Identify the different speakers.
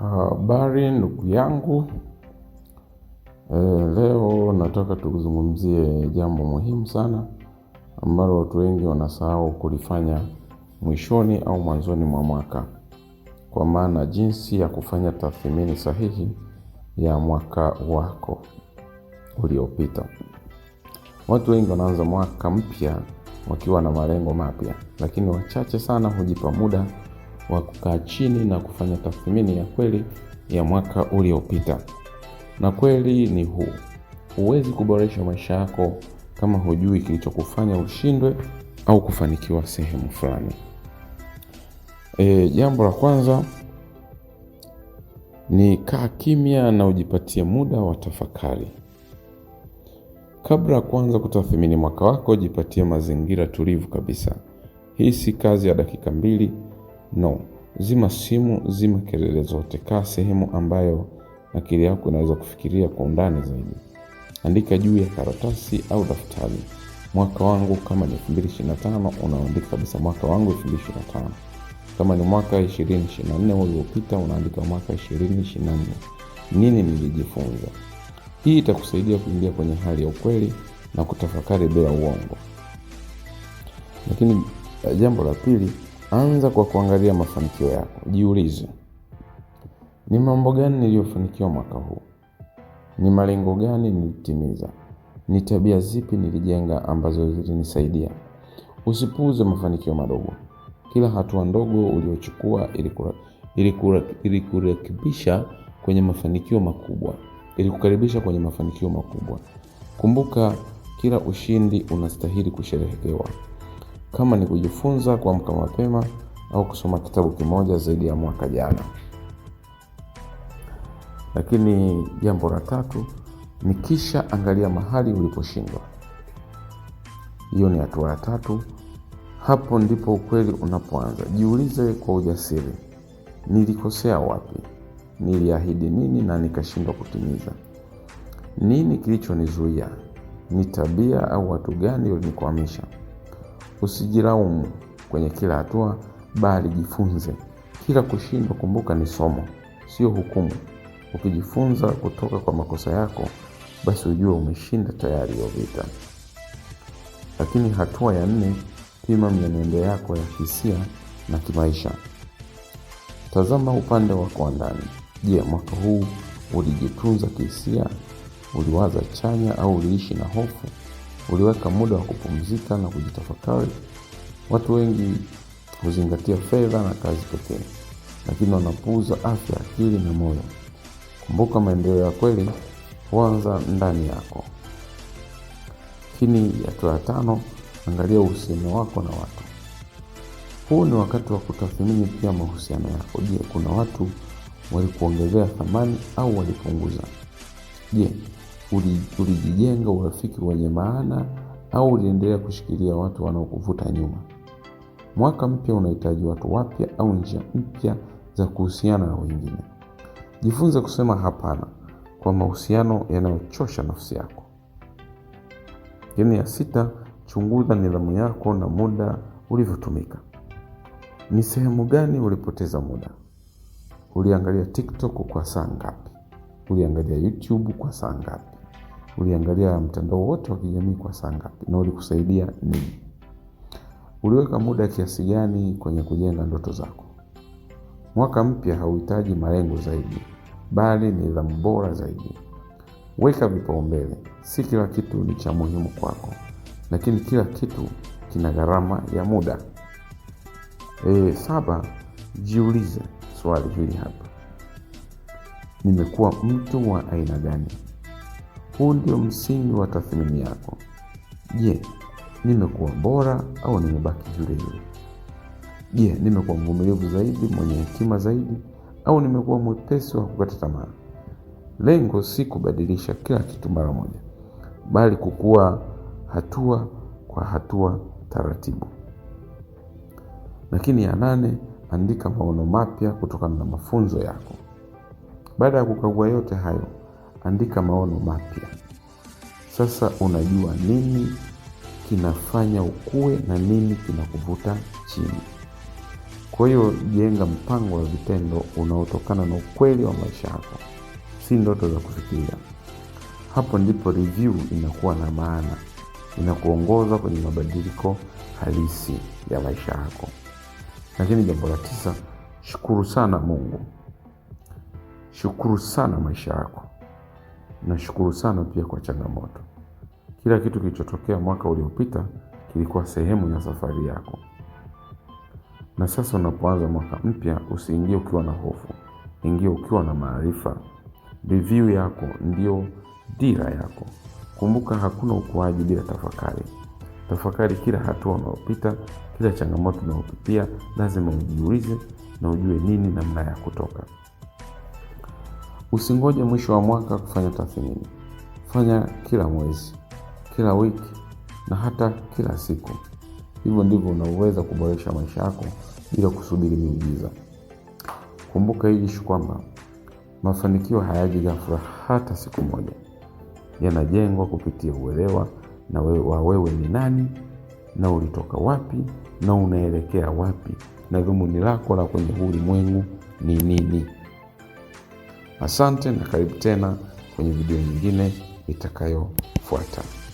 Speaker 1: Habari ndugu yangu, e, leo nataka tuzungumzie jambo muhimu sana ambalo watu wengi wanasahau kulifanya mwishoni au mwanzoni mwa mwaka, kwa maana jinsi ya kufanya tathmini sahihi ya mwaka wako uliopita. Watu wengi wanaanza mwaka mpya wakiwa na malengo mapya, lakini wachache sana hujipa muda wa kukaa chini na kufanya tathmini ya kweli ya mwaka uliopita, na kweli ni huu: huwezi kuboresha maisha yako kama hujui kilichokufanya ushindwe au kufanikiwa sehemu fulani. E, jambo la kwanza ni kaa kimya na ujipatie muda wa tafakari. Kabla ya kuanza kutathmini mwaka wako, jipatie mazingira tulivu kabisa. Hii si kazi ya dakika mbili No, zima simu, zima kelele zote, kaa sehemu ambayo akili yako inaweza kufikiria kwa undani zaidi. Andika juu ya karatasi au daftari, mwaka wangu kama ni 2025 unaandika kabisa mwaka wangu 2025. Kama ni mwaka 2024 uliopita unaandika mwaka 2024. Nini nilijifunza? Hii itakusaidia kuingia kwenye hali ya ukweli na kutafakari bila uongo. Lakini eh, jambo la pili Anza kwa kuangalia mafanikio yako. Jiulize, ni mambo gani niliyofanikiwa mwaka huu? Ni malengo gani nilitimiza? Ni tabia zipi nilijenga ambazo zilinisaidia? Usipuuze mafanikio madogo. Kila hatua ndogo uliochukua ili kwenye mafanikio makubwa, ilikukaribisha kwenye mafanikio makubwa. Kumbuka, kila ushindi unastahili kusherehekewa kama ni kujifunza kuamka mapema au kusoma kitabu kimoja zaidi ya mwaka jana. Lakini jambo la tatu ni kisha angalia mahali uliposhindwa. Hiyo ni hatua ya tatu. Hapo ndipo ukweli unapoanza. Jiulize kwa ujasiri, nilikosea wapi? Niliahidi nini na nikashindwa kutimiza? Nini kilichonizuia? Ni tabia au watu gani walinikwamisha? Usijilaumu kwenye kila hatua, bali jifunze. Kila kushindwa, kumbuka, ni somo, sio hukumu. Ukijifunza kutoka kwa makosa yako, basi ujue umeshinda tayari hiyo vita. Lakini hatua ya nne, pima mienendo yako ya hisia na kimaisha. Tazama upande wako wa ndani. Je, mwaka huu ulijitunza kihisia? Uliwaza chanya au uliishi na hofu? uliweka muda wa kupumzika na kujitafakari. Watu wengi huzingatia fedha na kazi pekee, lakini wanapuuza afya, akili na moyo. Kumbuka, maendeleo ya kweli huanza ndani yako. Lakini ni hatua ya tano. Angalia uhusiano wako na watu. Huu ni wakati wa kutathmini pia mahusiano yako. Je, kuna watu walikuongezea thamani au walipunguza? Je, Ulijijenga urafiki wenye maana au uliendelea kushikilia watu wanaokuvuta nyuma? Mwaka mpya unahitaji watu wapya au njia mpya za kuhusiana na wengine. Jifunze kusema hapana kwa mahusiano yanayochosha nafsi yako. Lakini ya sita, chunguza nidhamu yako na muda ulivyotumika. Ni sehemu gani ulipoteza muda? Uliangalia TikTok kwa saa ngapi? Uliangalia YouTube kwa saa ngapi? Uliangalia mtandao wote wa kijamii kwa saa ngapi na ulikusaidia nini? Uliweka muda kiasi gani kwenye kujenga ndoto zako? Mwaka mpya hauhitaji malengo zaidi, bali ni nidhamu bora zaidi. Weka vipaumbele. Si kila kitu ni cha muhimu kwako, lakini kila kitu kina gharama ya muda. E, saba, jiulize swali hili hapa: nimekuwa mtu wa aina gani? Huu ndio msingi wa tathmini yako. Je, nimekuwa bora au nimebaki yule yule? Je, nimekuwa mvumilivu zaidi, mwenye hekima zaidi, au nimekuwa mwepesi wa kukata tamaa? Lengo si kubadilisha kila kitu mara moja, bali kukua hatua kwa hatua, taratibu. Lakini ya nane, andika maono mapya kutokana na mafunzo yako. Baada ya kukagua yote hayo andika maono mapya. Sasa unajua nini kinafanya ukue na nini kinakuvuta chini. Kwa hiyo jenga mpango wa vitendo unaotokana na ukweli wa maisha yako, si ndoto za kufikiria. Hapo ndipo review inakuwa na maana, inakuongoza kwenye mabadiliko halisi ya maisha yako. Lakini jambo la tisa, shukuru sana Mungu, shukuru sana maisha yako. Nashukuru sana pia kwa changamoto. Kila kitu kilichotokea mwaka uliopita kilikuwa sehemu ya safari yako, na sasa unapoanza mwaka mpya, usiingie ukiwa na hofu, ingie ukiwa na maarifa. Review yako ndiyo dira yako. Kumbuka, hakuna ukuaji bila tafakari. Tafakari kila hatua unayopita, kila changamoto unayopitia. Lazima ujiulize na ujue nini namna ya kutoka. Usingoje mwisho wa mwaka kufanya tathmini. Fanya kila mwezi, kila wiki na hata kila siku. Hivyo ndivyo unaweza kuboresha maisha yako bila kusubiri miujiza. Kumbuka hii ishu kwamba mafanikio hayaji ghafla hata siku moja, yanajengwa kupitia uelewa na we, wa wewe ni nani na ulitoka wapi na unaelekea wapi na dhumuni lako la kwenye huu ulimwengu ni nini. Asante na karibu tena kwenye video nyingine itakayofuata.